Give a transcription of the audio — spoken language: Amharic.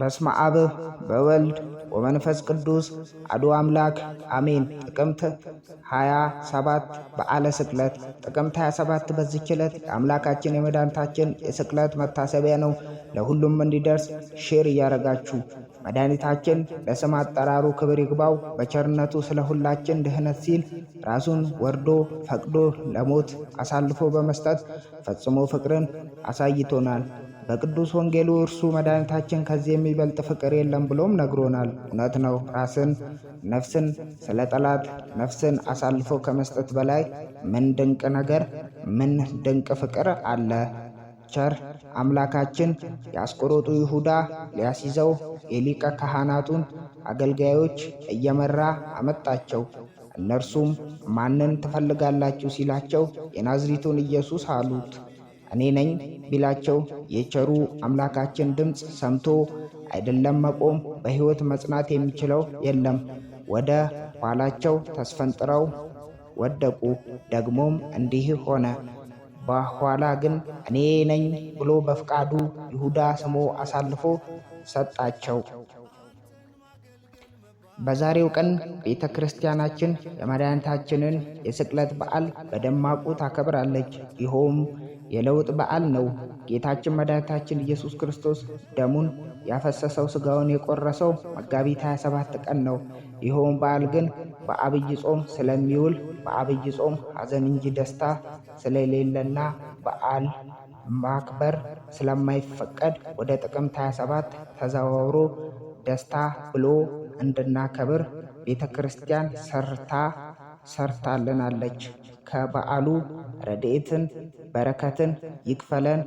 በስመ አብ በወልድ ወመንፈስ ቅዱስ አዱ አምላክ አሜን። ጥቅምት 27 በዓለ ስቅለት። ጥቅምት 27 በዚህች ዕለት የአምላካችን የመድኃኒታችን የስቅለት መታሰቢያ ነው። ለሁሉም እንዲደርስ ሼር እያደረጋችሁ መድኃኒታችን ለስም አጠራሩ ክብር ይግባው። በቸርነቱ ስለ ሁላችን ድህነት ሲል ራሱን ወርዶ ፈቅዶ ለሞት አሳልፎ በመስጠት ፈጽሞ ፍቅርን አሳይቶናል። በቅዱስ ወንጌሉ እርሱ መድኃኒታችን ከዚህ የሚበልጥ ፍቅር የለም ብሎም ነግሮናል። እውነት ነው። ራስን ነፍስን ስለ ጠላት ነፍስን አሳልፎ ከመስጠት በላይ ምን ድንቅ ነገር፣ ምን ድንቅ ፍቅር አለ! ቸር አምላካችን የአስቆሮጡ ይሁዳ ሊያስይዘው የሊቀ ካህናቱን አገልጋዮች እየመራ አመጣቸው። እነርሱም ማንን ትፈልጋላችሁ ሲላቸው የናዝሪቱን ኢየሱስ አሉት። እኔ ነኝ ቢላቸው የቸሩ አምላካችን ድምፅ ሰምቶ አይደለም መቆም በሕይወት መጽናት የሚችለው የለም። ወደ ኋላቸው ተስፈንጥረው ወደቁ። ደግሞም እንዲህ ሆነ። በኋላ ግን እኔ ነኝ ብሎ በፍቃዱ ይሁዳ ስሞ አሳልፎ ሰጣቸው። በዛሬው ቀን ቤተ ክርስቲያናችን የመድኃኒታችንን የስቅለት በዓል በደማቁ ታከብራለች። ይኸውም የለውጥ በዓል ነው። ጌታችን መድኃኒታችን ኢየሱስ ክርስቶስ ደሙን ያፈሰሰው ስጋውን የቆረሰው መጋቢት 27 ቀን ነው። ይኸውም በዓል ግን በአብይ ጾም ስለሚውል በአብይ ጾም ሐዘን እንጂ ደስታ ስለሌለና በዓል ማክበር ስለማይፈቀድ ወደ ጥቅምት 27 ተዘዋውሮ ደስታ ብሎ እንድናከብር ቤተ ክርስቲያን ሰርታ ሰርታልናለች። ከበዓሉ ረድኤትን በረከትን ይክፈለን።